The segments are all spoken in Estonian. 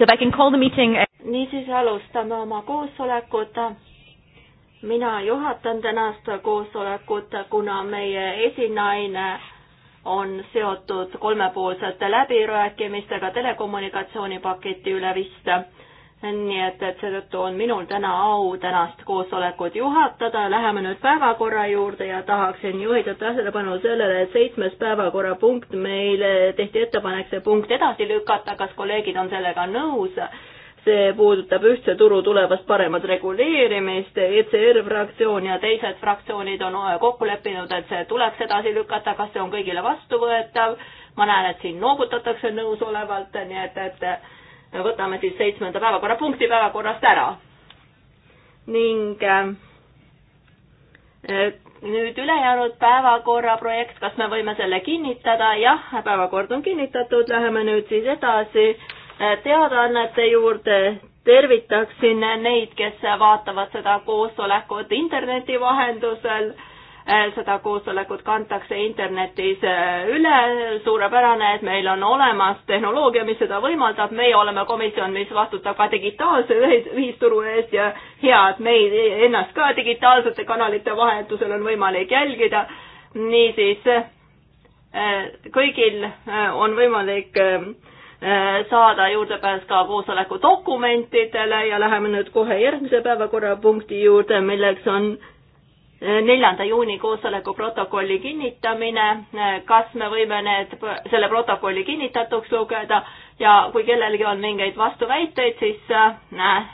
So if I can call the meeting. Uh, niisiis alustame oma koosolekut. mina juhatan tänast koosolekut, kuna meie esinaine on seotud kolmepoolsete läbirääkimistega telekommunikatsioonipaketi üle vist nii et, et seetõttu on minul täna au tänast koosolekut juhatada, läheme nüüd päevakorra juurde ja tahaksin juhida tähelepanu sellele, et seitsmes päevakorrapunkt, meile tehti ettepanek see punkt edasi lükata, kas kolleegid on sellega nõus? see puudutab ühtse turu tulevast paremat reguleerimist, ECR fraktsioon ja teised fraktsioonid on kokku leppinud, et see tuleks edasi lükata, kas see on kõigile vastuvõetav, ma näen, et siin noogutatakse nõusolevalt, nii et, et võtame siis seitsmenda päevakorrapunkti päevakorrast ära. ning äh, äh, nüüd ülejäänud päevakorra projekt, kas me võime selle kinnitada? jah, päevakord on kinnitatud, läheme nüüd siis edasi äh, teadaannete juurde. tervitaksin neid, kes vaatavad seda koosolekut interneti vahendusel Äh, seda koosolekut kantakse internetis äh, üle, suurepärane, et meil on olemas tehnoloogia, mis seda võimaldab, meie oleme komisjon, mis vastutab ka digitaalse ühisturu eest ja hea, et meid ennast ka digitaalsete kanalite vahetusel on võimalik jälgida, niisiis äh, kõigil on võimalik saada juurdepääs ka koosoleku dokumentidele ja läheme nüüd kohe järgmise päevakorrapunkti juurde, milleks on neljanda juuni koosoleku protokolli kinnitamine, kas me võime need, selle protokolli kinnitatuks lugeda ja kui kellelgi on mingeid vastuväiteid, siis äh,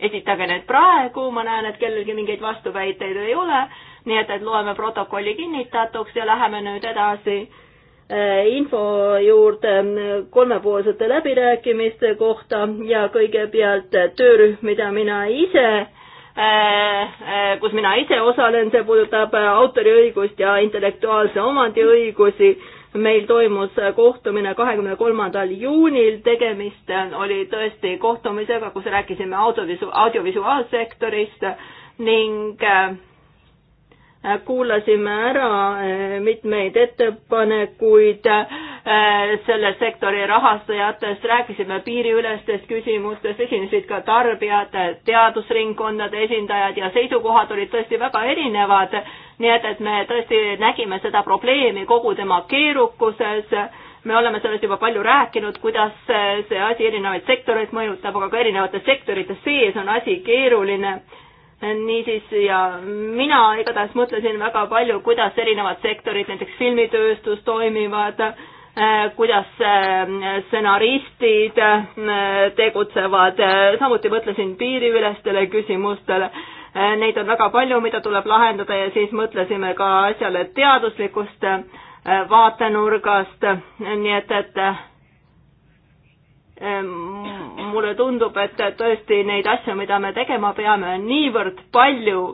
esitage need praegu, ma näen, et kellelgi mingeid vastuväiteid ei ole, nii et, et loeme protokolli kinnitatuks ja läheme nüüd edasi äh, info juurde äh, kolmepoolsete läbirääkimiste kohta ja kõigepealt töörühm, mida mina ise Äh, äh, kus mina ise osalen, see puudutab äh, autoriõigust ja intellektuaalse omandiõigusi. meil toimus kohtumine kahekümne kolmandal juunil, tegemist oli tõesti kohtumisega, kus rääkisime audiovisu-, audiovisuaalsektorist ning kuulasime ära mitmeid ettepanekuid äh, Äh, selle sektori rahastajatest, rääkisime piiriülestest küsimustest, esinesid ka tarbijad, teadusringkondade esindajad ja seisukohad olid tõesti väga erinevad, nii et, et me tõesti nägime seda probleemi kogu tema keerukuses, me oleme sellest juba palju rääkinud, kuidas see asi erinevaid sektoreid mõjutab, aga ka erinevates sektorites sees on asi keeruline niisiis ja mina igatahes mõtlesin väga palju, kuidas erinevad sektorid, näiteks filmitööstus toimivad, Äh, kuidas äh, stsenaristid äh, tegutsevad, samuti mõtlesin piiriülestele küsimustele. Neid on väga palju, mida tuleb lahendada ja siis mõtlesime ka asjale teaduslikust vaatenurgast, nii et, et mulle tundub, et tõesti neid asju, mida me tegema peame, on niivõrd palju.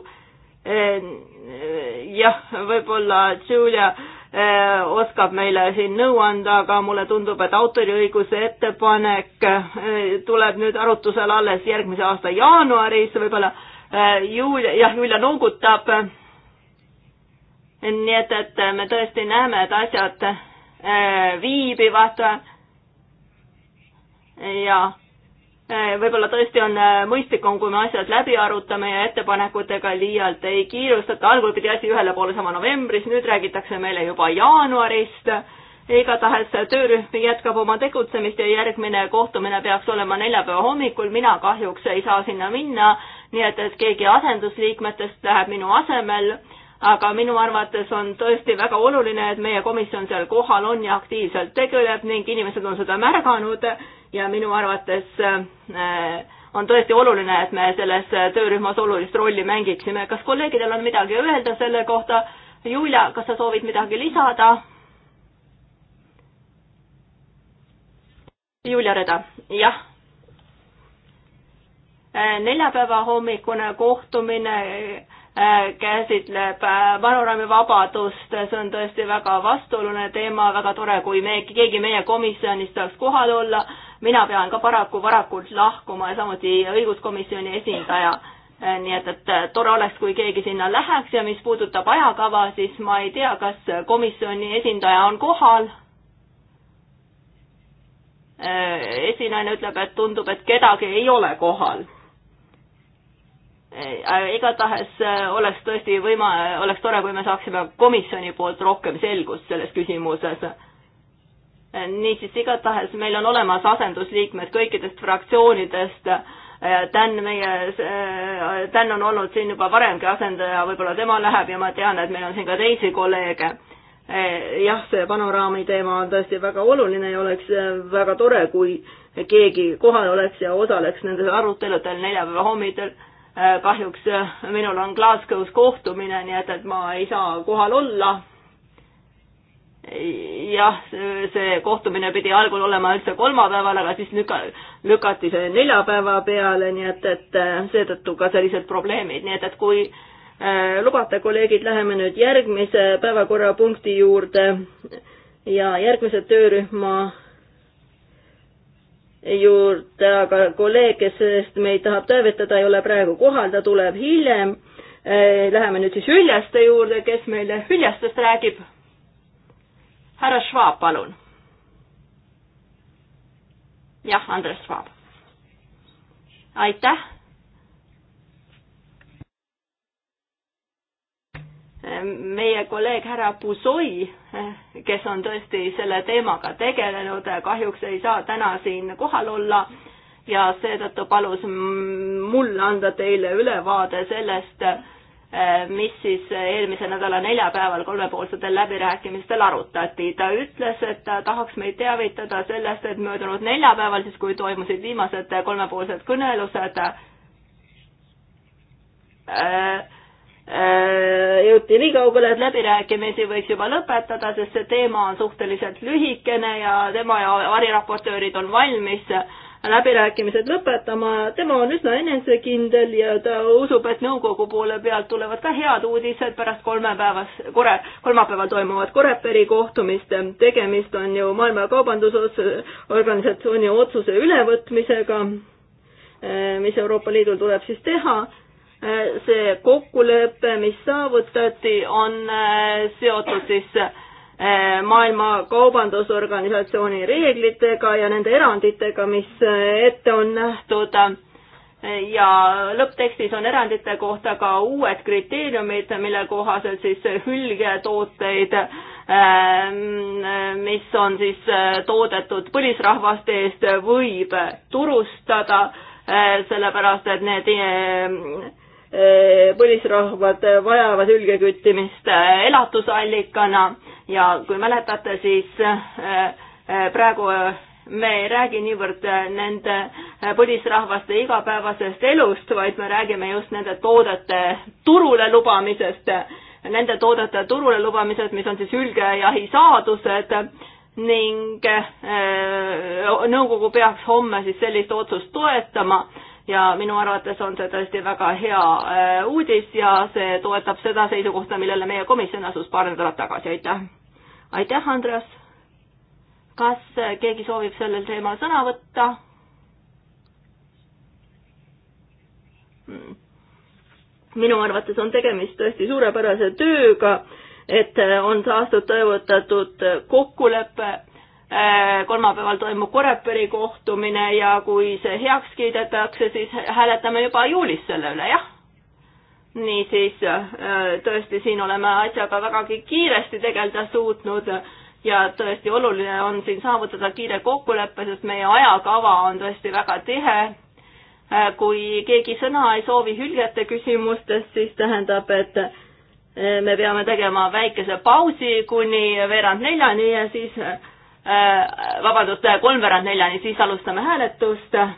jah, võib-olla Julia Äh, oskab meile siin nõu anda, aga mulle tundub, et autoriõiguse ettepanek äh, tuleb nüüd arutusele alles järgmise aasta jaanuaris, võib-olla äh, Julia, jah, Julia noogutab. nii et, et me tõesti näeme, et asjad viibivad. ja Äh, võib-olla tõesti on äh, mõistlikum, kui me asjad läbi arutame ja ettepanekutega liialt ei kiirustata. algul pidi asi ühele poole saama novembris, nüüd räägitakse meile juba jaanuarist. igatahes töörühm jätkab oma tegutsemist ja järgmine kohtumine peaks olema neljapäeva hommikul. mina kahjuks ei saa sinna minna, nii et, et keegi asendusliikmetest läheb minu asemel aga minu arvates on tõesti väga oluline, et meie komisjon seal kohal on ja aktiivselt tegeleb ning inimesed on seda märganud ja minu arvates äh, on tõesti oluline, et me selles töörühmas olulist rolli mängiksime. kas kolleegidel on midagi öelda selle kohta? Julia, kas sa soovid midagi lisada? Julia Reda, jah äh, neljapäeva hommikune kohtumine Äh, käsitleb panoraamivabadust, äh, see on tõesti väga vastuoluline teema, väga tore, kui me, keegi meie komisjonist saaks kohal olla. mina pean ka paraku varakult lahkuma ja samuti õiguskomisjoni esindaja. Äh, nii et, et tore oleks, kui keegi sinna läheks ja mis puudutab ajakava, siis ma ei tea, kas komisjoni esindaja on kohal. esinaine ütleb, et tundub, et kedagi ei ole kohal Äh, igatahes äh, oleks tõesti võima-, oleks tore, kui me saaksime komisjoni poolt rohkem selgust selles küsimuses. Äh, niisiis, igatahes meil on olemas asendusliikmed kõikidest fraktsioonidest. Dan meie, Dan on olnud siin juba varemgi asendaja, võib-olla tema läheb ja ma tean, et meil on siin ka teisi kolleege. jah, see panoraami teema on tõesti väga oluline ja oleks väga tore, kui keegi kohal oleks ja osaleks nendel aruteludel neljapäeva hommikul Äh, kahjuks äh, minul on Glasgow's kohtumine, nii et, et ma ei saa kohal olla. jah, see kohtumine pidi algul olema üldse kolmapäeval, aga siis lüka-, lükati see neljapäeva peale, nii et, et äh, seetõttu ka sellised probleemid, nii et, et kui äh, lubate, kolleegid, läheme nüüd järgmise päevakorrapunkti juurde ja järgmise töörühma juurde, aga kolleeg, kes sellest meid tahab tõevetada, ei ole praegu kohal, ta tuleb hiljem. Eh, läheme nüüd siis Hüljaste juurde, kes meile Hüljastest räägib. härra Schwab, palun. jah, Andres Schwab. aitäh meie kolleeg härra Pusoi, kes on tõesti selle teemaga tegelenud, kahjuks ei saa täna siin kohal olla ja seetõttu palus mul anda teile ülevaade sellest, mis siis eelmise nädala neljapäeval kolmepoolsetel läbirääkimistel arutati. ta ütles, et ta tahaks meid teavitada sellest, et möödunud neljapäeval, siis kui toimusid viimased kolmepoolsed kõnelused äh,, Äh, jõuti nii kaugele, et läbirääkimisi võiks juba lõpetada, sest see teema on suhteliselt lühikene ja tema ja variraportöörid on valmis läbirääkimised lõpetama, tema on üsna enesekindel ja ta usub, et nõukogu poole pealt tulevad ka head uudised pärast kolmepäevas, kore-, kolmapäeval toimuvat Koreperi kohtumist, tegemist on ju Maailma Kaubandusorganisatsiooni otsuse ülevõtmisega, mis Euroopa Liidul tuleb siis teha see kokkulepe, mis saavutati, on äh, seotud siis äh, maailma Kaubandusorganisatsiooni reeglitega ja nende eranditega, mis äh, ette on nähtud ja lõpptekstis on erandite kohta ka uued kriteeriumid, mille kohaselt siis hülgetooteid, mis on siis toodetud põlisrahvaste eest, võib turustada, sellepärast et need Eh, põlisrahvad eh, vajavad ülgeküttimist eh, elatusallikana ja kui mäletate, siis praegu me ei räägi niivõrd nende põlisrahvaste igapäevasest elust, vaid me räägime just nende toodete turule lubamisest, nende toodete turule lubamisest, mis on siis hülgejahi saadused ning nõukogu peaks homme siis sellist otsust toetama ja minu arvates on see tõesti väga hea äh, uudis ja see toetab seda seisukohta, millele meie komisjon asus paar nädalat tagasi, aitäh. aitäh, Andreas. kas äh, keegi soovib sellel teemal sõna võtta? minu arvates on tegemist tõesti suurepärase tööga, et äh, on saastud tõevotatud kokkulepe Äh, kolmapäeval toimub Koreperi kohtumine ja kui see heaks kiidetakse, siis hääletame juba juulis selle üle, jah. niisiis äh, tõesti, siin oleme asjaga vägagi kiiresti tegeleda suutnud ja tõesti oluline on siin saavutada kiire kokkulepe, sest meie ajakava on tõesti väga tihe. Äh, kui keegi sõna ei soovi hüljete küsimustest, siis tähendab, et me peame tegema väikese pausi kuni veerand neljani ja siis Äh, vabandust, äh, kolmveerand neljani, siis alustame hääletust. Äh,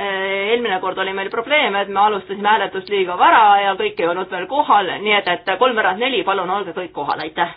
eelmine kord oli meil probleem, et me alustasime hääletust liiga vara ja kõik ei olnud veel kohal, nii et, et kolmveerand neli, palun olge kõik kohal, aitäh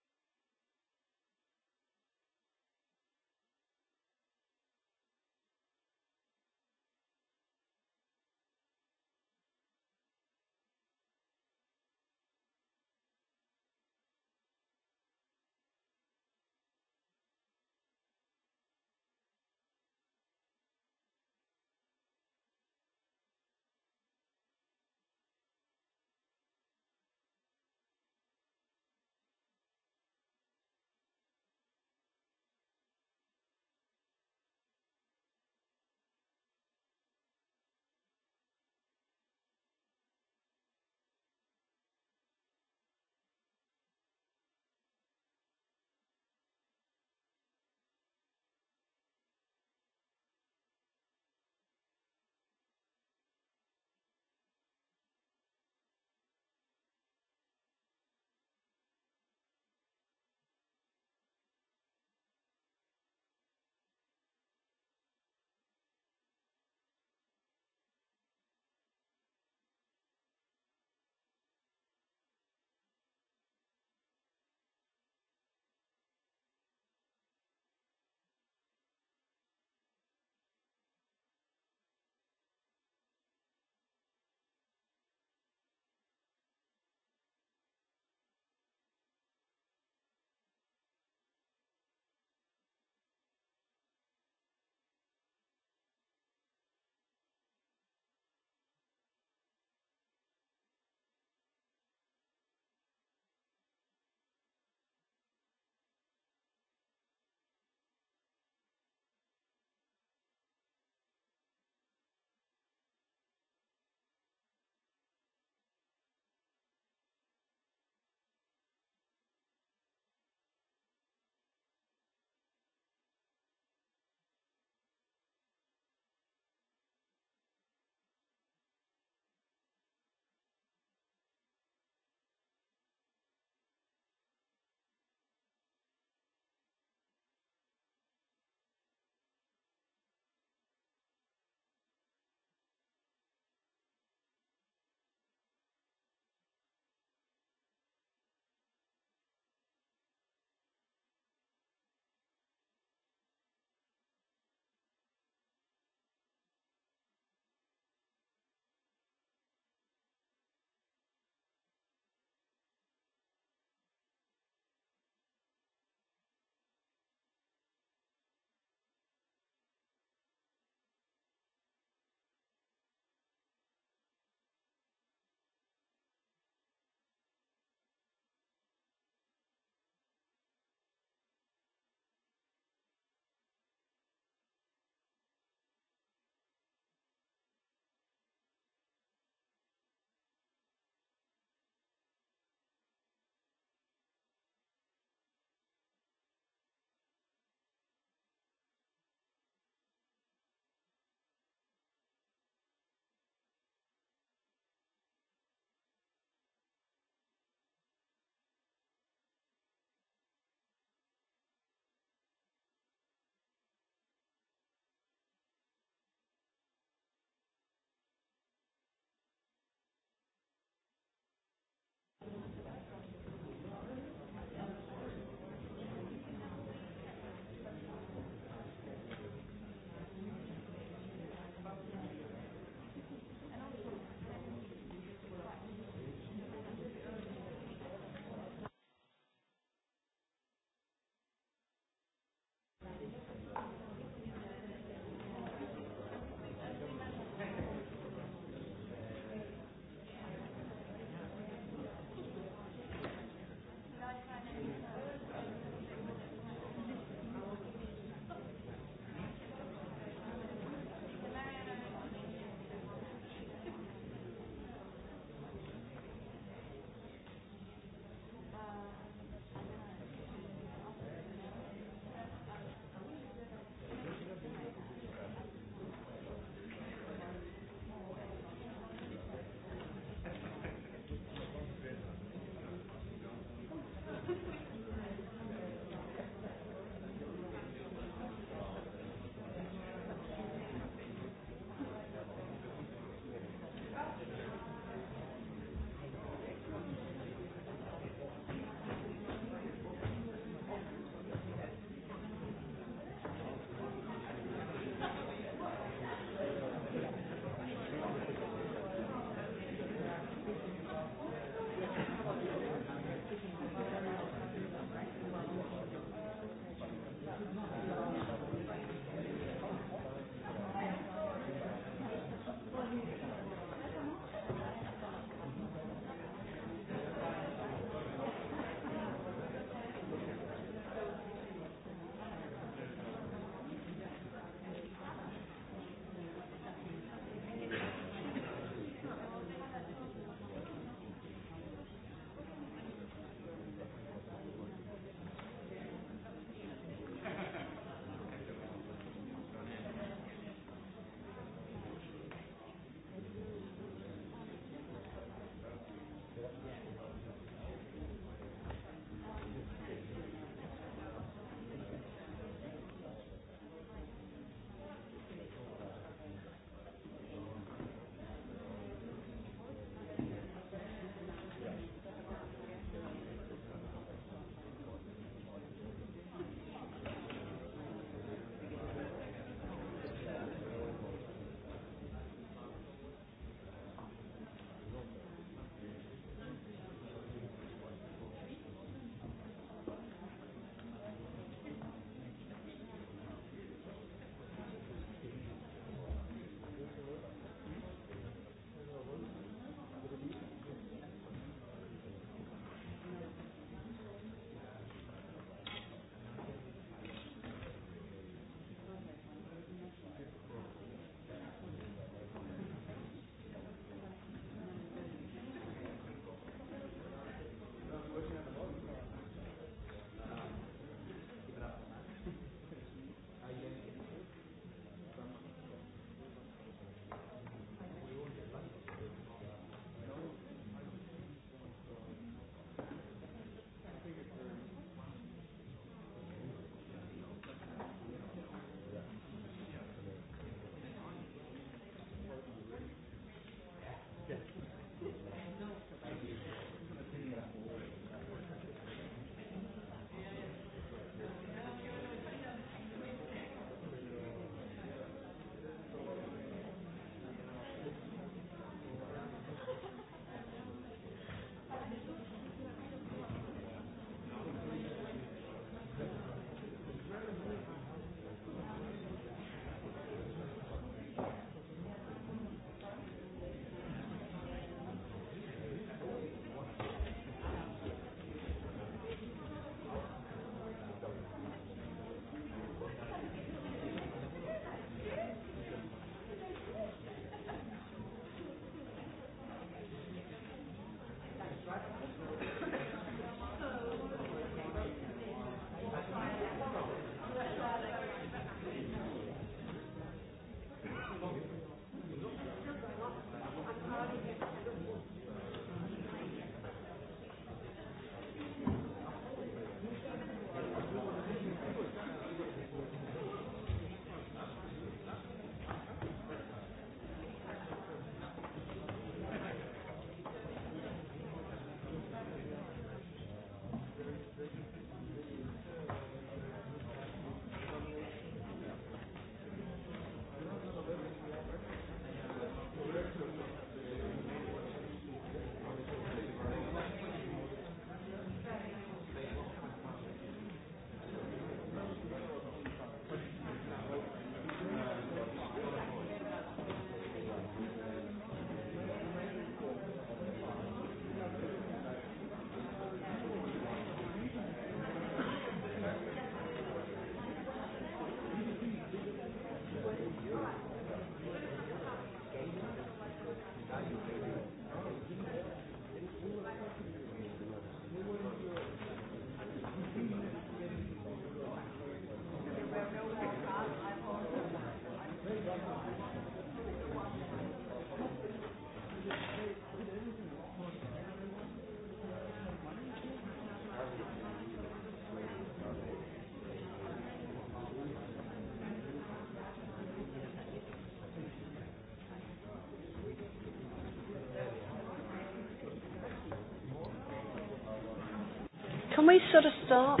Can we sort of start?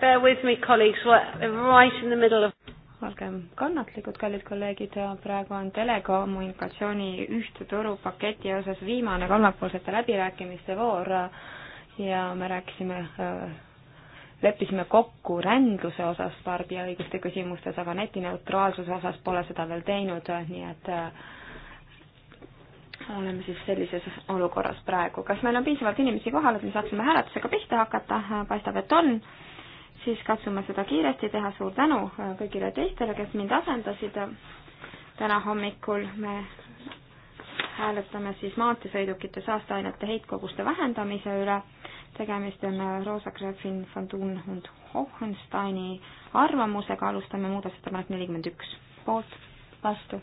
Bear with me, colleagues. We're right in the middle of olgem kannatlikud, kallid kolleegid, praegu on telekommunikatsiooni ühtse turupaketi osas viimane kolmapoolsete läbirääkimiste voor ja me rääkisime äh, leppisime kokku rändluse osas tarbijaõiguste küsimustes, aga netineutraalsuse osas pole seda veel teinud, nii et äh, oleme siis sellises olukorras praegu. kas meil on piisavalt inimesi kohal, et me saaksime hääletusega pihta hakata? paistab, et on. siis katsume seda kiiresti teha. suur tänu äh, kõigile teistele, kes mind asendasid. täna hommikul me hääletame siis maanteesõidukite saasteainete heitkoguste vähendamise üle tegemist on Rosa Gräfin von Thun und Hohensteini arvamusega, alustame muudatusettepanek nelikümmend üks. poolt, vastu,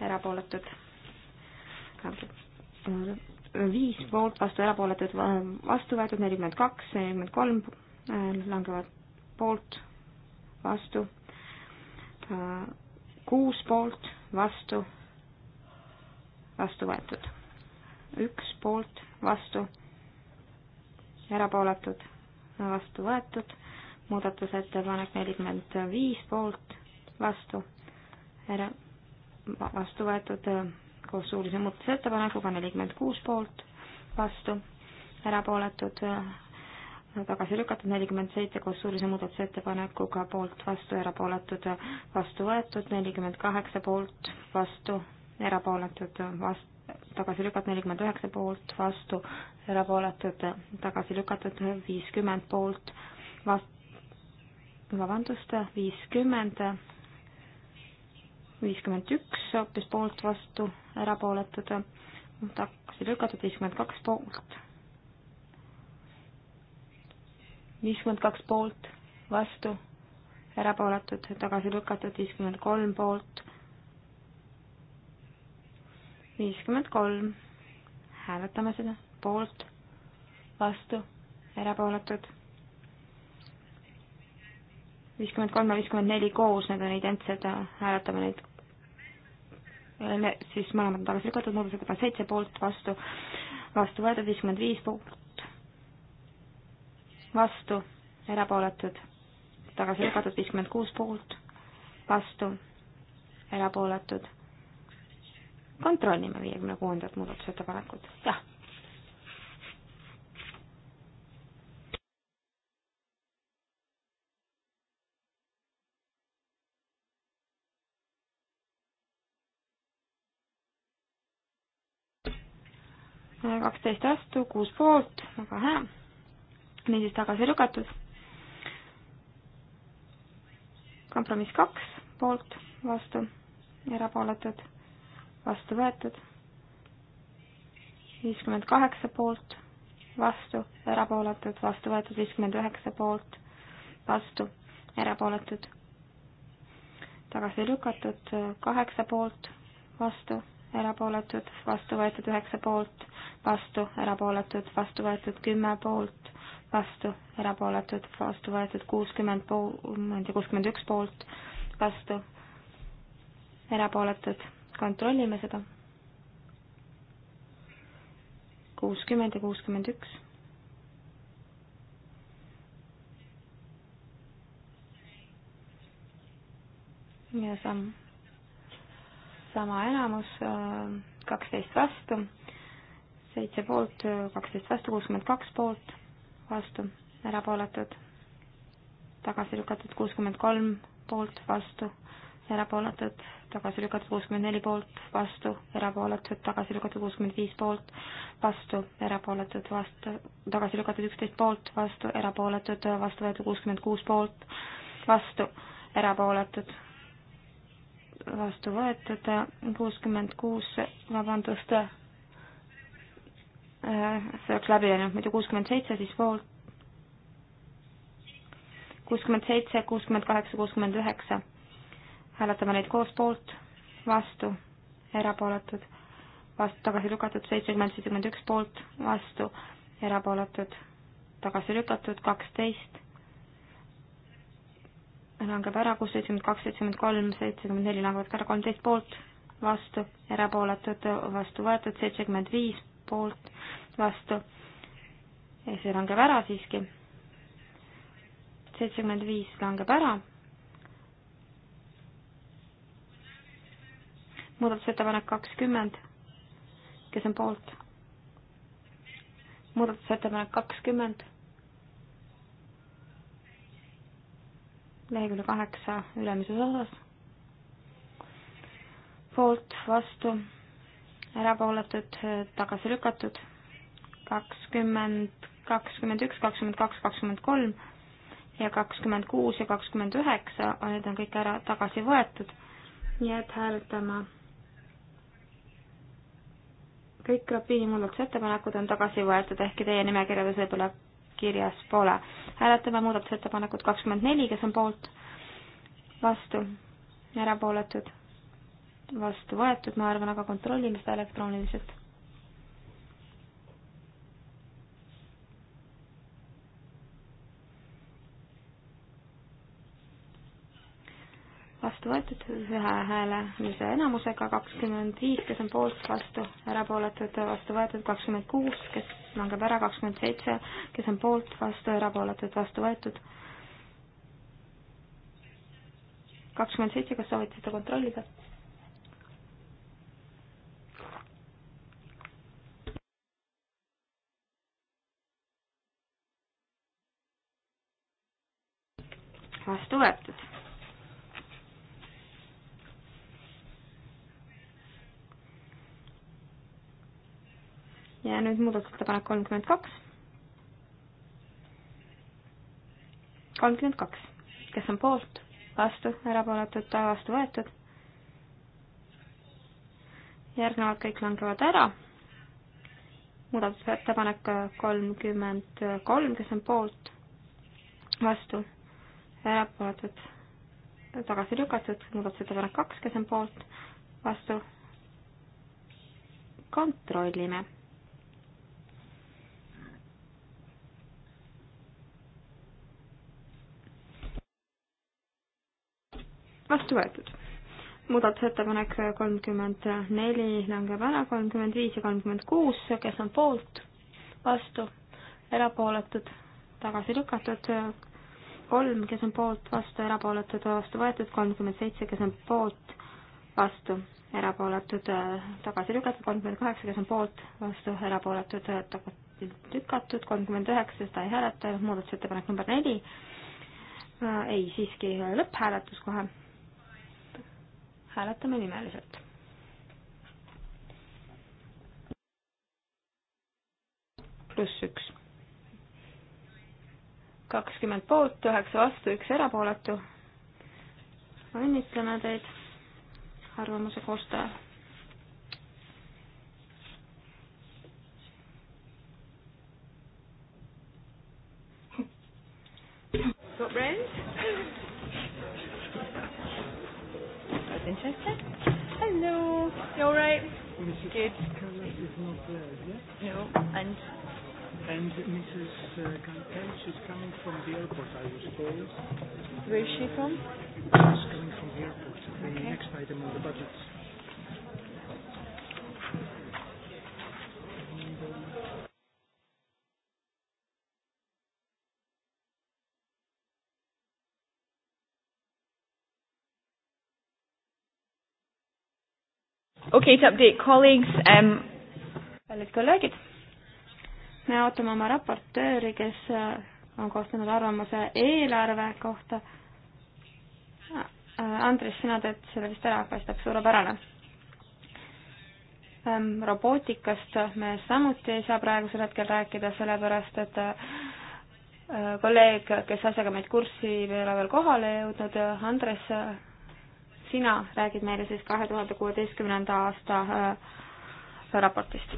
erapooletud. viis poolt, vastu, erapooletud, vastu võetud nelikümmend kaks, nelikümmend kolm äh, langevad poolt, vastu, kuus poolt, vastu, vastu võetud. üks poolt, vastu erapooletud, vastu võetud, muudatusettepanek nelikümmend viis poolt, vastu, era-, vastu võetud äh, koos suulise muudatusettepanekuga nelikümmend kuus poolt, vastu, erapooletud, äh, tagasi lükatud nelikümmend seitse koos suulise muudatusettepanekuga poolt, vastu, erapooletud, vastu võetud nelikümmend kaheksa poolt, vastu, erapooletud, vastu, tagasi lükatud nelikümmend üheksa poolt, vastu erapooletud, tagasi lükatud viiskümmend poolt, vast-, vabandust, viiskümmend, viiskümmend üks hoopis poolt, vastu erapooletud, tagasi lükatud viiskümmend kaks poolt, viiskümmend kaks poolt, vastu erapooletud, tagasi lükatud viiskümmend kolm poolt viiskümmend kolm, hääletame seda, poolt, vastu, erapooletud. viiskümmend kolm ja viiskümmend neli koos, need on identsed, hääletame neid. siis mõlemad on tagasi lükatud, muudatusettepanek seitse poolt, vastu, vastu võetud, viiskümmend viis poolt, vastu, erapooletud, tagasi lükatud, viiskümmend kuus poolt, vastu, erapooletud kontrollime viiekümne kuuendat muudatusettepanekut, jah. kaksteist vastu, kuus poolt, väga hea. niisiis tagasi lükatud. kompromiss kaks, poolt, vastu, erapooletud vastu võetud. viiskümmend kaheksa poolt, vastu, erapooletud, vastu võetud, viiskümmend üheksa poolt, vastu, erapooletud, tagasi lükatud, kaheksa poolt, vastu, erapooletud, vastu võetud üheksa poolt, vastu, erapooletud, vastu võetud kümme poolt, vastu, erapooletud, vastu võetud kuuskümmend pool, ma ei tea, kuuskümmend üks poolt, vastu, erapooletud kontrollime seda. kuuskümmend ja kuuskümmend üks. ja sam-, sama enamus, äh, kaksteist vastu, seitse poolt, äh, kaksteist vastu, kuuskümmend kaks poolt, vastu, erapooletud, tagasi lükatud kuuskümmend kolm poolt, vastu erapooletud, tagasi lükatud kuuskümmend neli poolt, vastu, erapooletud, tagasi lükatud kuuskümmend viis poolt, vastu, erapooletud, vastu, tagasi lükatud üksteist poolt, vastu, erapooletud, vastu võetud kuuskümmend kuus poolt, vastu, erapooletud, vastu võetud kuuskümmend kuus, vabandust, äh, see oleks läbi läinud, muidu kuuskümmend seitse siis poolt, kuuskümmend seitse, kuuskümmend kaheksa, kuuskümmend üheksa hääletame neid koos poolt, vastu, erapooletud, vastu tagasi lükatud seitsekümmend, seitsekümmend üks poolt, vastu, erapooletud, tagasi lükatud kaksteist, langeb ära kuus, seitsekümmend kaks, seitsekümmend kolm, seitsekümmend neli langevad ka ära, kolmteist poolt, vastu, erapooletud, vastu võetud, seitsekümmend viis poolt, vastu, see langeb ära siiski, seitsekümmend viis langeb ära muudatusettepanek kakskümmend, kes on poolt? muudatusettepanek kakskümmend, lehekülje kaheksa ülemises osas, poolt, vastu, erapooletud, tagasi lükatud, kakskümmend, kakskümmend üks, kakskümmend kaks, kakskümmend kolm ja kakskümmend kuus ja kakskümmend üheksa, need on kõik ära tagasi võetud, nii et hääletame kõik Kropiini muudatusettepanekud on tagasi võetud, ehkki teie nimekirjades võib-olla kirjas pole. hääletame muudatusettepanekut kakskümmend neli, kes on poolt, vastu, erapooletud, vastu võetud, ma arvan, aga kontrollime seda elektrooniliselt vastu võetud ühe hääle enamusega, kakskümmend viis, kes on poolt, vastu, erapooletud, vastu võetud, kakskümmend kuus, kes langeb ära, kakskümmend seitse, kes on poolt, vastu, erapooletud, vastu võetud. kakskümmend seitse, kas soovite seda kontrollida? muudatusettepanek kolmkümmend kaks. kolmkümmend kaks, kes on poolt, vastu, erapooletud, vastu võetud. järgnevalt kõik langevad ära. muudatusettepanek kolmkümmend kolm, kes on poolt, vastu, erapooletud, tagasi lükatud, muudatusettepanek kaks, kes on poolt, vastu kontrollime vastu võetud. muudatusettepanek kolmkümmend neli langeb ära, kolmkümmend viis ja kolmkümmend kuus, kes on poolt, vastu, erapooletud, tagasi lükatud, kolm, kes on poolt, vastu, erapooletud, vastu võetud, kolmkümmend seitse, kes on poolt, vastu, erapooletud, tagasi lükatud, kolmkümmend kaheksa, kes on poolt, vastu, erapooletud, tagasi lükatud, kolmkümmend üheksa, seda ei hääleta, muudatusettepanek number neli, ei, siiski lõpphääletus kohe hääletame nimeliselt. pluss üks. kakskümmend poolt, üheksa vastu, üks erapooletu. õnnitleme teid, arvamuse koostaja You all right? Good. Callas is not there yet. No. And? And Mrs. Uh, Gantel, she's coming from the airport, I was told. Where is she from? She's coming from the airport. The okay. next item on the budget. okei okay,, to update colleagues um.... kallid kolleegid, me ootame oma raportööri, kes äh, on koostanud arvamuse eelarve kohta. Äh, Andres, sina teed selle vist ära, paistab suurepärane. Ähm, robootikast me samuti ei saa praegusel hetkel rääkida, sellepärast et äh, kolleeg, kes asjaga meid kurssi ei ole veel kohale jõudnud, Andres sina räägid meile siis kahe tuhande kuueteistkümnenda aasta äh, raportist.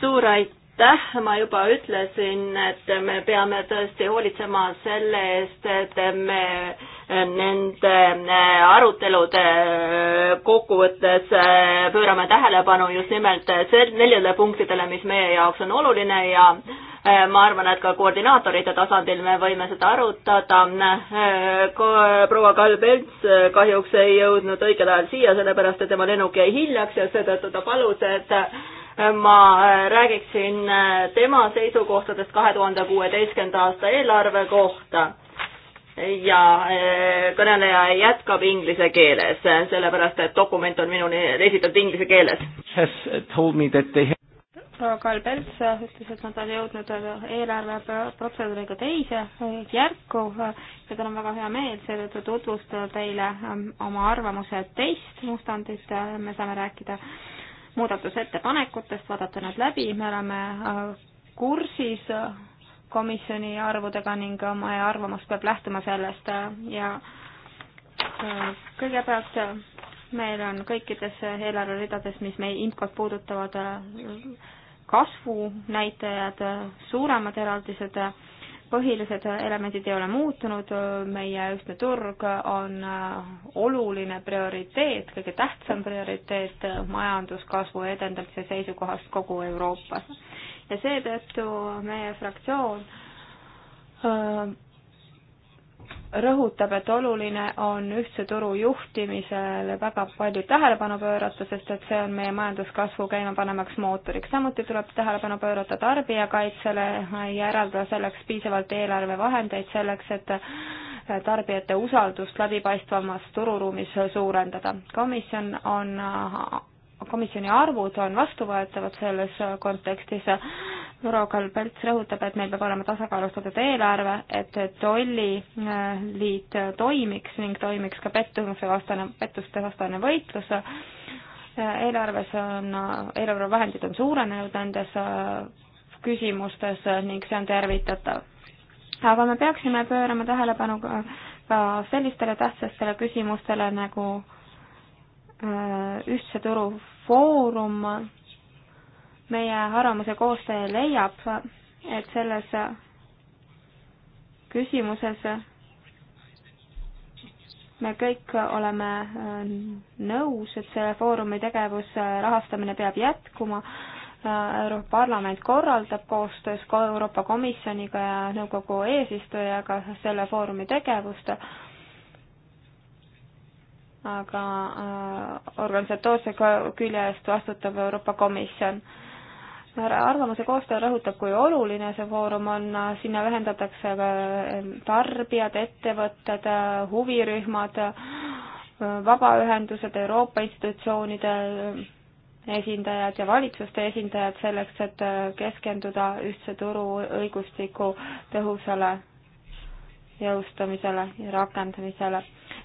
suur aitäh, ma juba ütlesin, et me peame tõesti hoolitsema selle eest, et me nende äh, arutelude äh, kokkuvõttes pöörame tähelepanu just nimelt neljale punktidele, mis meie jaoks on oluline ja äh, Äh, ma arvan, et ka koordinaatorite tasandil me võime seda arutada. Äh, proua Kalbelts äh, kahjuks ei jõudnud õigel ajal siia, sellepärast et tema lennuk jäi hiljaks ja seetõttu ta palus, et ma räägiksin tema seisukohtadest kahe tuhande kuueteistkümnenda aasta eelarve kohta ja kõneleja jätkab inglise keeles, sellepärast et dokument on minuni esitatud inglise keeles proua Kalbelts ütles, et nad on jõudnud eelarveprotseduuriga teise järku ja tal on väga hea meel seetõttu tutvustada teile ähm, oma arvamuse teist mustandit, me saame rääkida muudatusettepanekutest, vaadata nad läbi, me oleme äh, kursis äh, komisjoni arvudega ning oma arvamus peab lähtuma sellest ja äh, kõigepealt meil on kõikides eelarveridades, mis meie IMCO-t puudutavad, kasvunäitajad, suuremad eraldised, põhilised elemendid ei ole muutunud, meie ühtne turg on oluline prioriteet, kõige tähtsam prioriteet majanduskasvu edendamise seisukohast kogu Euroopas. ja seetõttu meie fraktsioon öö, rõhutab, et oluline on ühtse turu juhtimisele väga palju tähelepanu pöörata, sest et see on meie majanduskasvu käimapanemaks mootoriks. samuti tuleb tähelepanu pöörata tarbijakaitsele ja eraldada selleks piisavalt eelarvevahendeid selleks, et tarbijate usaldust läbipaistvamas tururuumis suurendada. komisjon on komisjoni arvud on vastuvõetavad selles kontekstis. Võro Kalbelts rõhutab, et meil peab olema tasakaalustatud eelarve, et tolliliit toimiks ning toimiks ka pettumuse vastane, pettuste vastane võitlus. eelarves on, eelarvevahendid on suurenenud nendes küsimustes ning see on tervitatav. aga me peaksime pöörama tähelepanu ka, ka sellistele tähtsatele küsimustele nagu Äh, ühtse turu foorum meie arvamuse koostaja leiab, et selles küsimuses me kõik oleme äh, nõus, et selle foorumi tegevuse äh, rahastamine peab jätkuma. Euroopa Parlament korraldab koostöös Euroopa Komisjoniga ja nõukogu eesistujaga selle foorumi tegevust aga äh, organisatoorse külje eest vastutab Euroopa Komisjon arvamuse koostaja rõhutab, kui oluline see foorum on, sinna vähendatakse äh, tarbijad, ettevõtted, huvirühmad, vabaühendused, Euroopa institutsioonide äh, esindajad ja valitsuste esindajad selleks, et keskenduda ühtse turu õigustiku tõhusale jõustamisele ja rakendamisele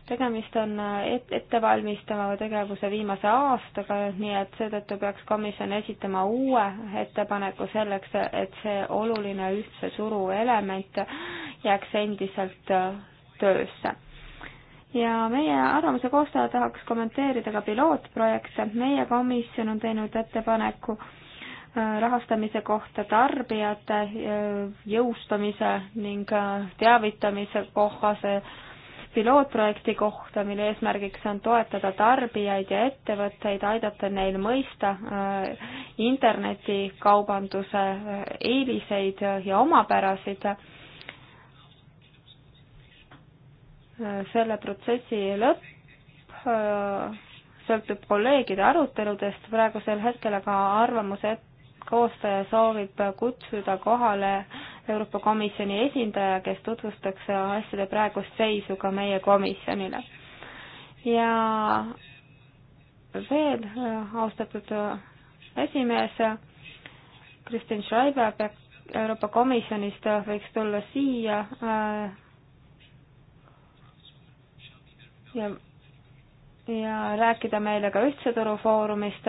tegemist on äh, et-, ettevalmistava tegevuse viimase aastaga, nii et seetõttu peaks komisjon esitama uue ettepaneku selleks, et see oluline ühtse suru element jääks endiselt äh, töösse ja meie arvamuse koostaja tahaks kommenteerida ka pilootprojekte. meie komisjon on teinud ettepaneku äh, rahastamise kohta tarbijate jõustamise ning teavitamise kohase pilootprojekti kohta, mille eesmärgiks on toetada tarbijaid ja ettevõtteid, aidata neil mõista äh, internetikaubanduse äh, eeliseid ja omapärasid. Äh, selle protsessi lõpp sõltub kolleegide aruteludest, praegusel hetkel aga arvamuse koostaja soovib kutsuda kohale Euroopa Komisjoni esindaja, kes tutvustaks asjade praegust seisu ka meie komisjonile. ja veel, austatud esimees, Kristin Schreiber peaks Euroopa Komisjonist võiks tulla siia ja ja rääkida meile ka Ühtse Turu Foorumist,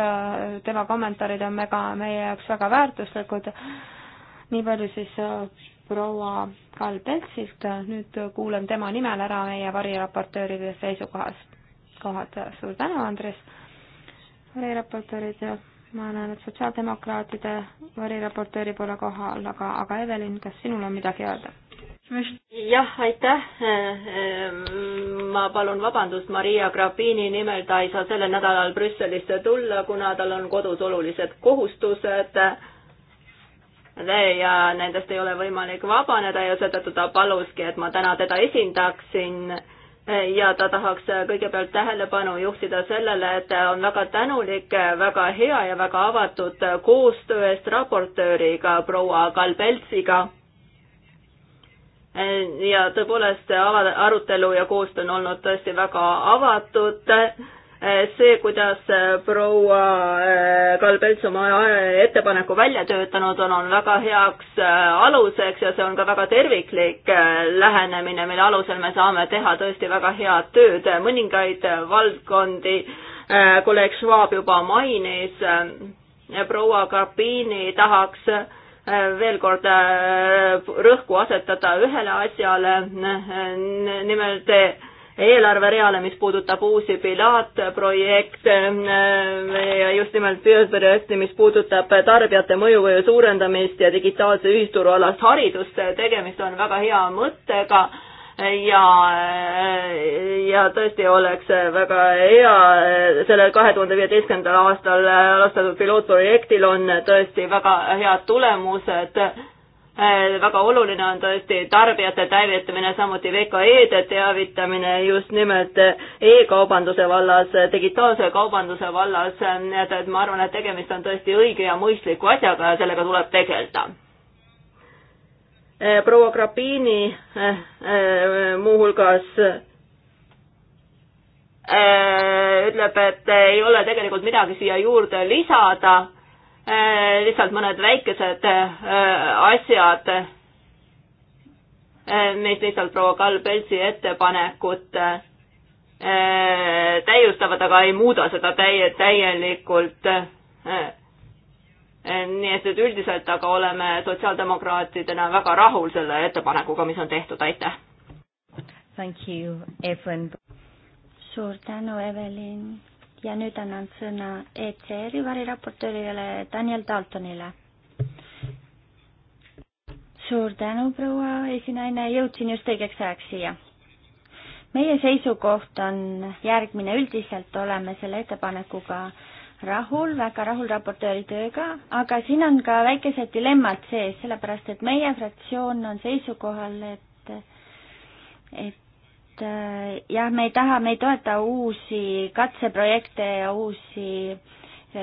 tema kommentaarid on väga, meie jaoks väga väärtuslikud nii palju siis äh, proua Karl Peltsilt, nüüd kuulan tema nimel ära meie variraportööride seisukohas, kohad. suur tänu, Andres. variraportöörid, ma näen, et sotsiaaldemokraatide variraportööri pole kohal, aga, aga Evelin, kas sinul on midagi öelda? jah, aitäh. ma palun vabandust Maria Grabini nimel, ta ei saa sellel nädalal Brüsselisse tulla, kuna tal on kodus olulised kohustused ja nendest ei ole võimalik vabaneda ja seetõttu ta paluski, et ma täna teda esindaksin ja ta tahaks kõigepealt tähelepanu juhtida sellele, et on väga tänulik, väga hea ja väga avatud koostöö eest raportööriga proua Kalbeltsiga. ja tõepoolest, arutelu ja koostöö on olnud tõesti väga avatud Eh, see, kuidas eh, proua eh, Kalbelts oma ettepaneku välja töötanud on, on väga heaks aluseks ja see on ka väga terviklik lähenemine, mille alusel me saame teha tõesti väga head tööd. mõningaid valdkondi kolleeg Schwab juba mainis, proua Karpini tahaks veel kord rõhku asetada ühele asjale, nimelt eelarvereale, mis puudutab uusi pilaatprojekte äh, ja just nimelt pilootprojekti, mis puudutab tarbijate mõjuvõju suurendamist ja digitaalse ühisturu alast haridust, tegemist on väga hea mõttega ja, ja tõesti oleks väga hea, sellel kahe tuhande viieteistkümnendal aastal alustatud pilootprojektil on tõesti väga head tulemused Äh, väga oluline on tõesti tarbijate täivitamine, samuti VKE-de teavitamine just nimelt e-kaubanduse vallas, digitaalse kaubanduse vallas, nii et, et ma arvan, et tegemist on tõesti õige ja mõistliku asjaga ja sellega tuleb tegeleda. Äh, proua Grapini äh, muuhulgas ütleb, et ei ole tegelikult midagi siia juurde lisada Äh, lihtsalt mõned väikesed äh, asjad, äh, mis lihtsalt proua Kalbelsi ettepanekut täiustavad, aga ei muuda seda täie, täielikult. nii et, et üldiselt aga oleme sotsiaaldemokraatidena väga rahul selle ettepanekuga, mis on tehtud, aitäh! Thank you, Evelyn. suur tänu, Evelyn! ja nüüd annan sõna ECR-i variraportöörile Daniel Daltonile. suur tänu, proua esinaine, jõudsin just õigeks ajaks siia. meie seisukoht on järgmine, üldiselt oleme selle ettepanekuga rahul, väga rahul raportööri tööga, aga siin on ka väikesed dilemmad sees, sellepärast et meie fraktsioon on seisukohal, et et Äh, jah, me ei taha, me ei toeta uusi katseprojekte ja uusi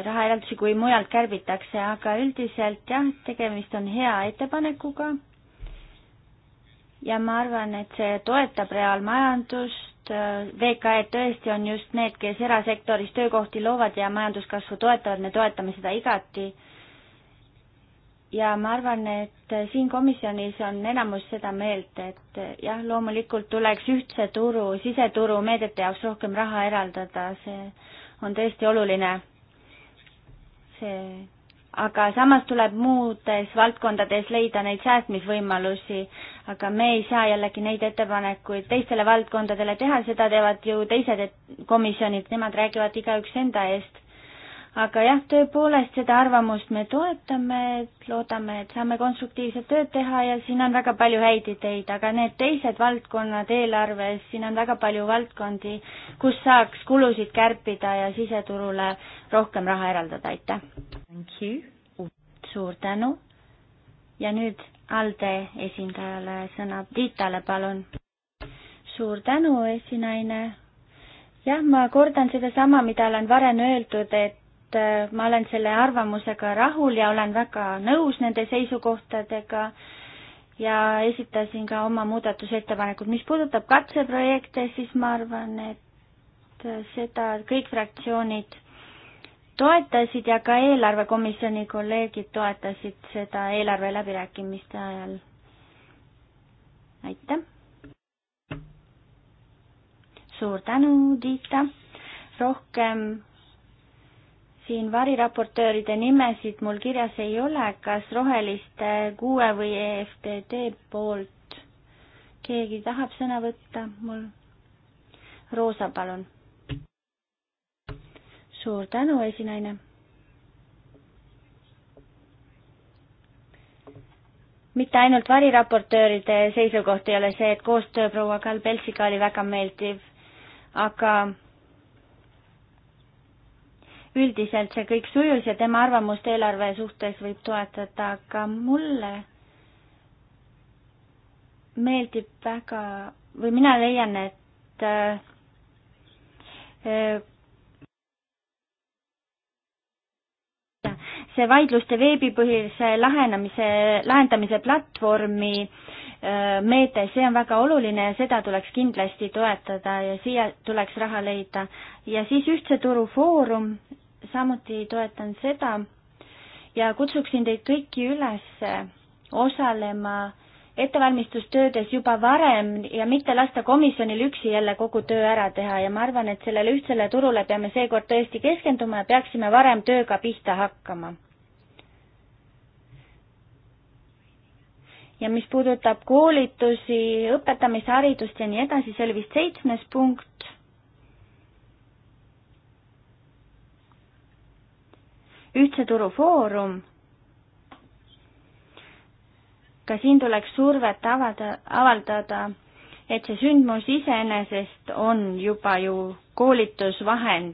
rahaeraldusi, kui mujalt kärbitakse, aga üldiselt jah, tegemist on hea ettepanekuga. ja ma arvan, et see toetab reaalmajandust, VKE-d tõesti on just need, kes erasektoris töökohti loovad ja majanduskasvu toetavad, me toetame seda igati ja ma arvan, et siin komisjonis on enamus seda meelt, et jah, loomulikult tuleks ühtse turu, siseturu meedete jaoks rohkem raha eraldada, see on tõesti oluline. see, aga samas tuleb muudes valdkondades leida neid säästmisvõimalusi, aga me ei saa jällegi neid ettepanekuid teistele valdkondadele teha, seda teevad ju teised komisjonid, nemad räägivad igaüks enda eest aga jah, tõepoolest seda arvamust me toetame, loodame, et saame konstruktiivset tööd teha ja siin on väga palju häid ideid, aga need teised valdkonnad eelarves, siin on väga palju valdkondi, kus saaks kulusid kärpida ja siseturule rohkem raha eraldada, aitäh! suur tänu ja nüüd ALDE esindajale sõna, Tiitale palun! suur tänu, esinaine! jah, ma kordan sedasama, mida olen varem öeldud, et et äh, ma olen selle arvamusega rahul ja olen väga nõus nende seisukohtadega ja esitasin ka oma muudatusettepanekud. mis puudutab katseprojekte, siis ma arvan, et äh, seda kõik fraktsioonid toetasid ja ka eelarvekomisjoni kolleegid toetasid seda eelarve läbirääkimiste ajal. aitäh! suur tänu, Tiita! rohkem siin variraportööride nimesid mul kirjas ei ole, kas Roheliste, Kuue või EFTD poolt keegi tahab sõna võtta mul? Roosa, palun. suur tänu, esinaine. mitte ainult variraportööride seisukoht ei ole see, et koostöö proua Kalbeltsiga oli väga meeldiv, aga üldiselt see kõik sujus ja tema arvamust eelarve suhtes võib toetada, aga mulle meeldib väga või mina leian, et äh, see vaidluste veebipõhise lahenemise, lahendamise platvormi äh, meede, see on väga oluline ja seda tuleks kindlasti toetada ja siia tuleks raha leida. ja siis Ühtse Turu Foorum, samuti toetan seda ja kutsuksin teid kõiki üles osalema ettevalmistustöödes juba varem ja mitte lasta komisjonil üksi jälle kogu töö ära teha ja ma arvan, et sellele ühtsele turule peame seekord tõesti keskenduma ja peaksime varem tööga pihta hakkama. ja mis puudutab koolitusi, õpetamise haridust ja nii edasi, see oli vist seitsmes punkt ühtse turu foorum, ka siin tuleks survet avada, avaldada, et see sündmus iseenesest on juba ju koolitusvahend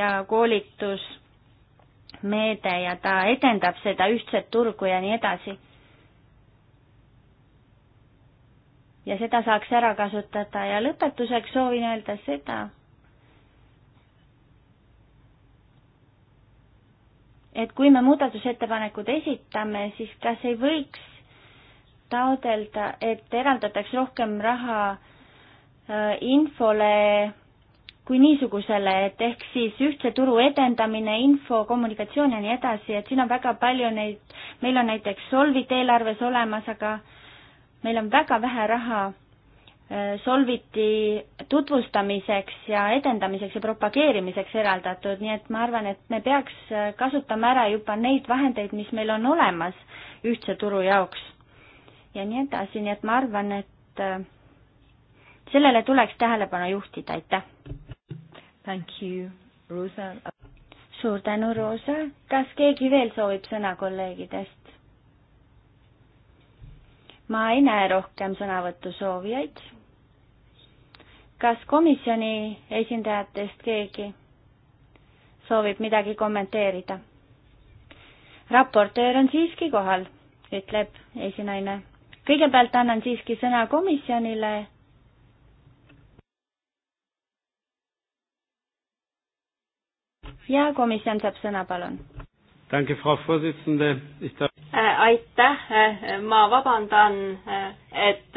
ja koolitusmeede ja ta edendab seda ühtset turgu ja nii edasi. ja seda saaks ära kasutada ja lõpetuseks soovin öelda seda, et kui me muudatusettepanekud esitame, siis kas ei võiks taodelda, et eraldataks rohkem raha äh, infole kui niisugusele, et ehk siis ühtse turu edendamine, info, kommunikatsioon ja nii edasi, et siin on väga palju neid, meil on näiteks Solvit eelarves olemas, aga meil on väga vähe raha Äh, solviti tutvustamiseks ja edendamiseks ja propageerimiseks eraldatud, nii et ma arvan, et me peaks äh, kasutama ära juba neid vahendeid, mis meil on olemas ühtse turu jaoks ja nii edasi, nii et ma arvan, et äh, sellele tuleks tähelepanu juhtida, aitäh! Thank you, Rosa. suur tänu, Rosa. kas keegi veel soovib sõna kolleegidest? ma ei näe rohkem sõnavõtusoovijaid kas komisjoni esindajatest keegi soovib midagi kommenteerida? raportöör on siiski kohal, ütleb esinaine. kõigepealt annan siiski sõna komisjonile. ja komisjon saab sõna, palun. Danke, Frau Vorsitzende. Äh, aitäh, äh, ma vabandan, äh, et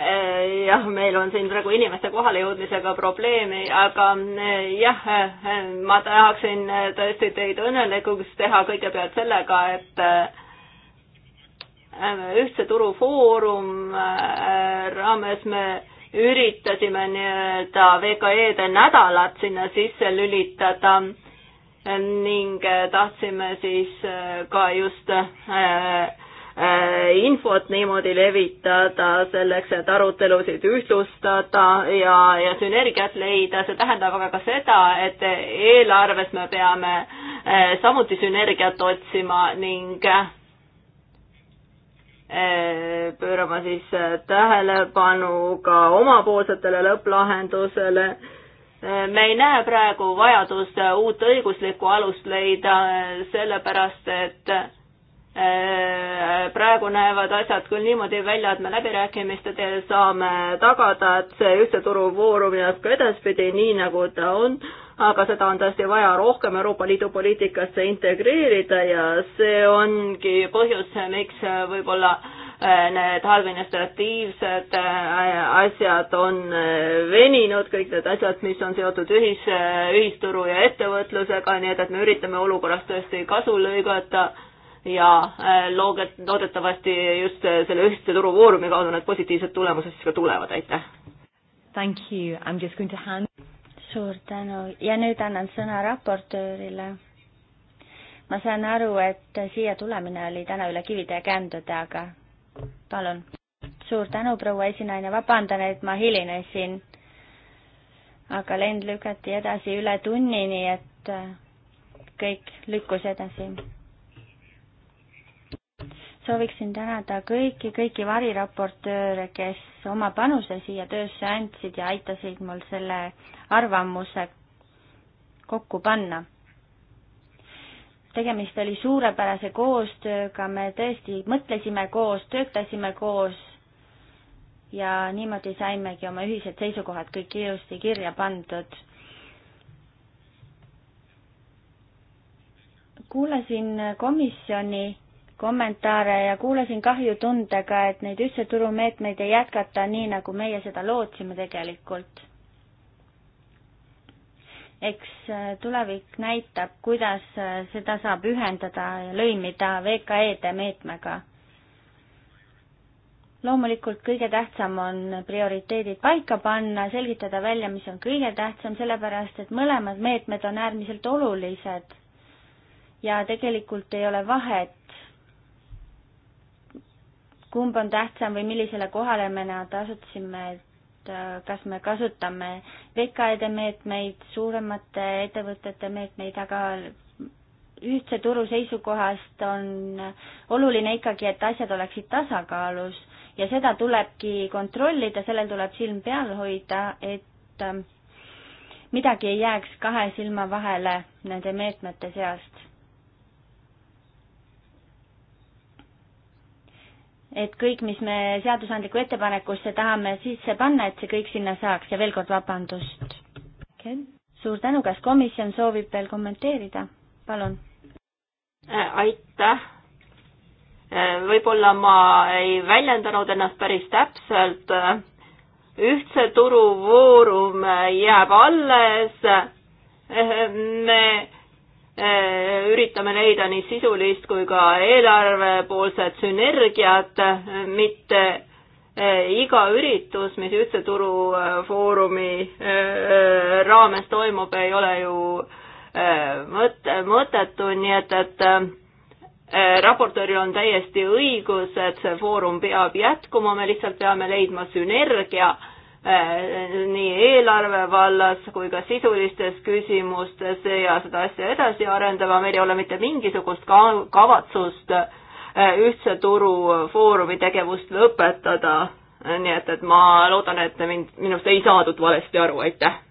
Eh, jah, meil on siin praegu inimeste kohalejõudmisega probleemi, aga eh, jah, eh, ma tahaksin tõesti teid õnnelikuks teha kõigepealt sellega, et ühtse turu foorum raames me üritasime nii-öelda VKE-de nädalat sinna sisse lülitada ning tahtsime siis ka just äh, Äh, infot niimoodi levitada, selleks et arutelusid ühtlustada ja, ja sünergiat leida, see tähendab aga ka seda, et eelarves me peame äh, samuti sünergiat otsima ning äh, pöörama siis tähelepanu ka omapoolsetele lõpplahendusele me ei näe praegu vajadust uut õiguslikku alust leida, sellepärast et Äh, praegu näevad asjad küll niimoodi välja, et me läbirääkimiste teel saame tagada, et see ühtse turu voorum jääb ka edaspidi nii, nagu ta on, aga seda on tõesti vaja rohkem Euroopa Liidu poliitikasse integreerida ja see ongi põhjus, miks võib-olla äh, need administratiivsed äh, asjad on veninud, kõik need asjad, mis on seotud ühis, ühisturu ja ettevõtlusega, nii et, et me üritame olukorrast tõesti kasu lõigata ja äh, loodet-, loodetavasti just äh, selle ühtse turu foorumi kaudu need positiivsed tulemused siis ka tulevad, aitäh! Thank you, I m just going to hand suur tänu ja nüüd annan sõna raportöörile. ma saan aru, et siia tulemine oli täna üle kivide ja kändude, aga palun. suur tänu, proua esinaine, vabandan, et ma hilinesin. aga lend lükati edasi üle tunni, nii et kõik lükkus edasi sooviksin tänada kõiki, kõiki variraportööre, kes oma panuse siia töösse andsid ja aitasid mul selle arvamuse kokku panna. tegemist oli suurepärase koostööga, me tõesti mõtlesime koos, töötasime koos ja niimoodi saimegi oma ühised seisukohad kõik ilusti kirja pandud kuulasin komisjoni kommentaare ja kuulasin kahjutundega, et neid ühtse turu meetmeid ei jätkata nii, nagu meie seda lootsime tegelikult. eks äh, tulevik näitab, kuidas äh, seda saab ühendada ja lõimida VKE-de meetmega. loomulikult kõige tähtsam on prioriteedid paika panna, selgitada välja, mis on kõige tähtsam, sellepärast et mõlemad meetmed on äärmiselt olulised ja tegelikult ei ole vahet, kumb on tähtsam või millisele kohale me nad asetasime, et äh, kas me kasutame VKE-de meetmeid, suuremate ettevõtete meetmeid, aga ühtse turu seisukohast on oluline ikkagi, et asjad oleksid tasakaalus ja seda tulebki kontrollida, sellel tuleb silm peal hoida, et äh, midagi ei jääks kahe silma vahele nende meetmete seast et kõik, mis me seadusandliku ettepanekusse tahame sisse panna, et see kõik sinna saaks ja veel kord vabandust okay.. suur tänu, kas komisjon soovib veel kommenteerida? palun. Äh, aitäh. Äh, võib-olla ma ei väljendanud ennast päris täpselt. ühtse turu voorum jääb alles. Äh, me Äh, üritame leida nii sisulist kui ka eelarvepoolset sünergiat, äh, mitte äh, iga üritus, mis Ühtse Turu Foorumi raames toimub, ei ole ju mõte, mõttetu, nii et, et raportööril on täiesti õigus, et see foorum peab jätkuma, me lihtsalt peame leidma sünergia Äh, nii eelarve vallas kui ka sisulistes küsimustes ja seda asja edasi arendama, meil ei ole mitte mingisugust ka-, kavatsust äh, ühtse turu foorumi tegevust lõpetada, nii et, et ma loodan, et mind, minust ei saadud valesti aru, aitäh!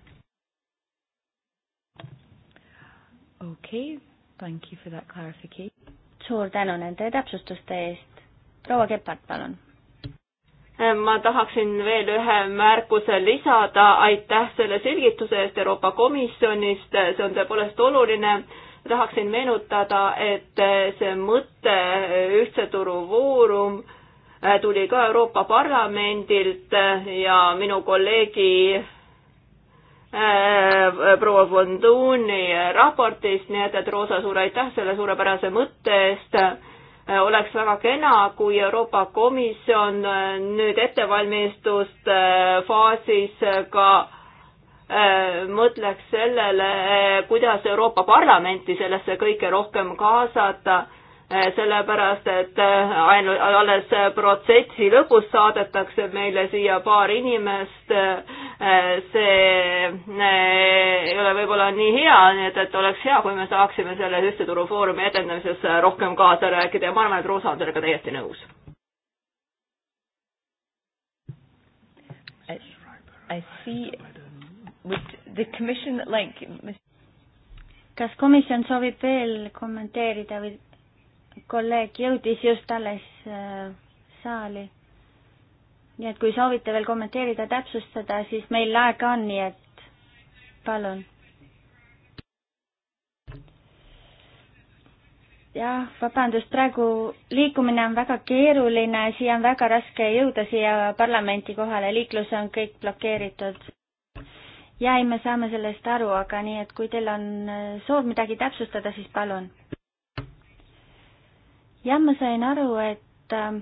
okei okay,, thank you for that clarification. suur tänu nende täpsustuste eest. proua Kepart, palun ma tahaksin veel ühe märkuse lisada, aitäh selle selgituse eest Euroopa Komisjonist, see on tõepoolest oluline. tahaksin meenutada, et see mõte Ühtse Turu Foorum tuli ka Euroopa Parlamendilt ja minu kolleegi äh, proua Fonduni raportist, nii et, et Roosa, suur aitäh selle suurepärase mõtte eest Äh, oleks väga kena, kui Euroopa Komisjon äh, nüüd ettevalmistuste äh, faasis ka mõtleks sellele, kuidas Euroopa Parlamenti sellesse kõike rohkem kaasata Eh, sellepärast et eh, ainult, alles protsessi lõpus saadetakse meile siia paar inimest. Eh, see ei ole võib-olla nii hea, nii et, et oleks hea, kui me saaksime selle ühtse turufoorumi edendamises rohkem kaasa rääkida ja ma arvan, et Roosa on sellega täiesti nõus. I see would the commission like kas komisjon soovib veel kommenteerida või kolleeg jõudis just alles äh, saali. nii et kui soovite veel kommenteerida, täpsustada, siis meil aega on, nii et palun. jah, vabandust, praegu liikumine on väga keeruline, siia on väga raske jõuda siia parlamenti kohale, liiklus on kõik blokeeritud. ja ei, me saame sellest aru, aga nii, et kui teil on äh, soov midagi täpsustada, siis palun jah, ma sain aru, et ähm,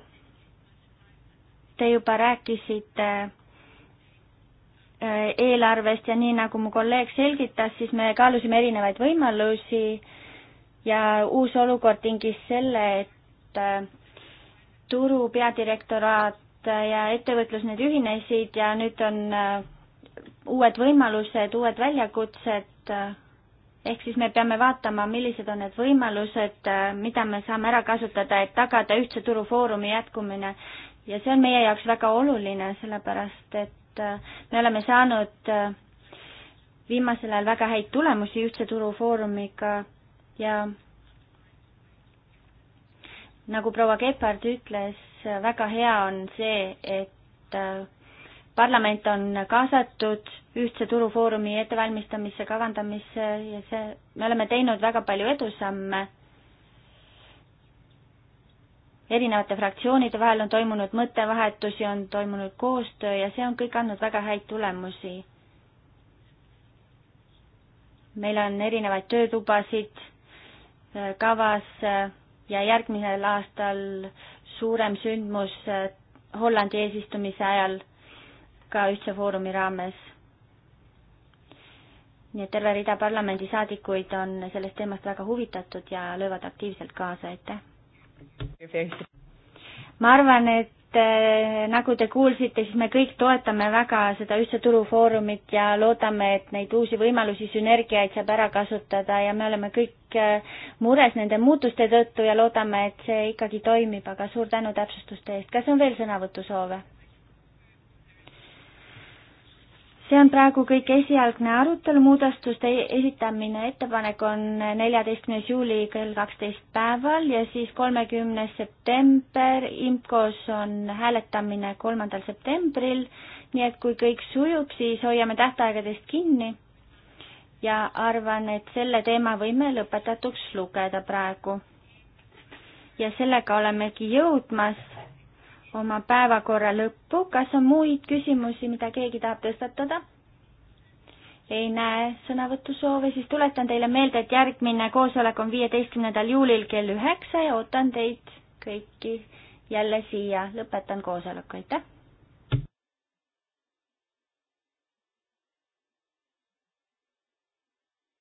te juba rääkisite äh, eelarvest ja nii nagu mu kolleeg selgitas, siis me kaalusime erinevaid võimalusi ja uus olukord tingis selle, et äh, turu peadirektoraat ja ettevõtlus nüüd ühinesid ja nüüd on äh, uued võimalused, uued väljakutsed ehk siis me peame vaatama, millised on need võimalused, äh, mida me saame ära kasutada, et tagada ühtse turufoorumi jätkumine. ja see on meie jaoks väga oluline, sellepärast et äh, me oleme saanud äh, viimasel ajal väga häid tulemusi ühtse turufoorumiga ja nagu proua Kepard ütles, väga hea on see, et parlament on kaasatud ühtse turufoorumi ettevalmistamisse, kavandamisse ja see, me oleme teinud väga palju edusamme. erinevate fraktsioonide vahel on toimunud mõttevahetusi, on toimunud koostöö ja see on kõik andnud väga häid tulemusi. meil on erinevaid töötubasid äh, kavas äh, ja järgmisel aastal suurem sündmus äh, Hollandi eesistumise ajal ka ühtse foorumi raames nii et terve rida parlamendisaadikuid on sellest teemast väga huvitatud ja löövad aktiivselt kaasa, aitäh! ma arvan, et eh, nagu te kuulsite, siis me kõik toetame väga seda ühtse turufoorumit ja loodame, et neid uusi võimalusi, sünergiaid saab ära kasutada ja me oleme kõik eh, mures nende muutuste tõttu ja loodame, et see ikkagi toimib, aga suur tänu täpsustuste eest. kas on veel sõnavõtusoove? see on praegu kõik esialgne arutelu, muudatuste esitamine ettepanek on neljateistkümnes juuli kell kaksteist päeval ja siis kolmekümnes september, IMCO-s on hääletamine kolmandal septembril, nii et kui kõik sujub, siis hoiame tähtaegadest kinni. ja arvan, et selle teema võime lõpetatuks lugeda praegu. ja sellega olemegi jõudmas oma päevakorra lõppu. kas on muid küsimusi, mida keegi tahab tõstatada? ei näe sõnavõtusoove, siis tuletan teile meelde, et järgmine koosolek on viieteistkümnendal juulil kell üheksa ja ootan teid kõiki jälle siia. lõpetan koosoleku, aitäh!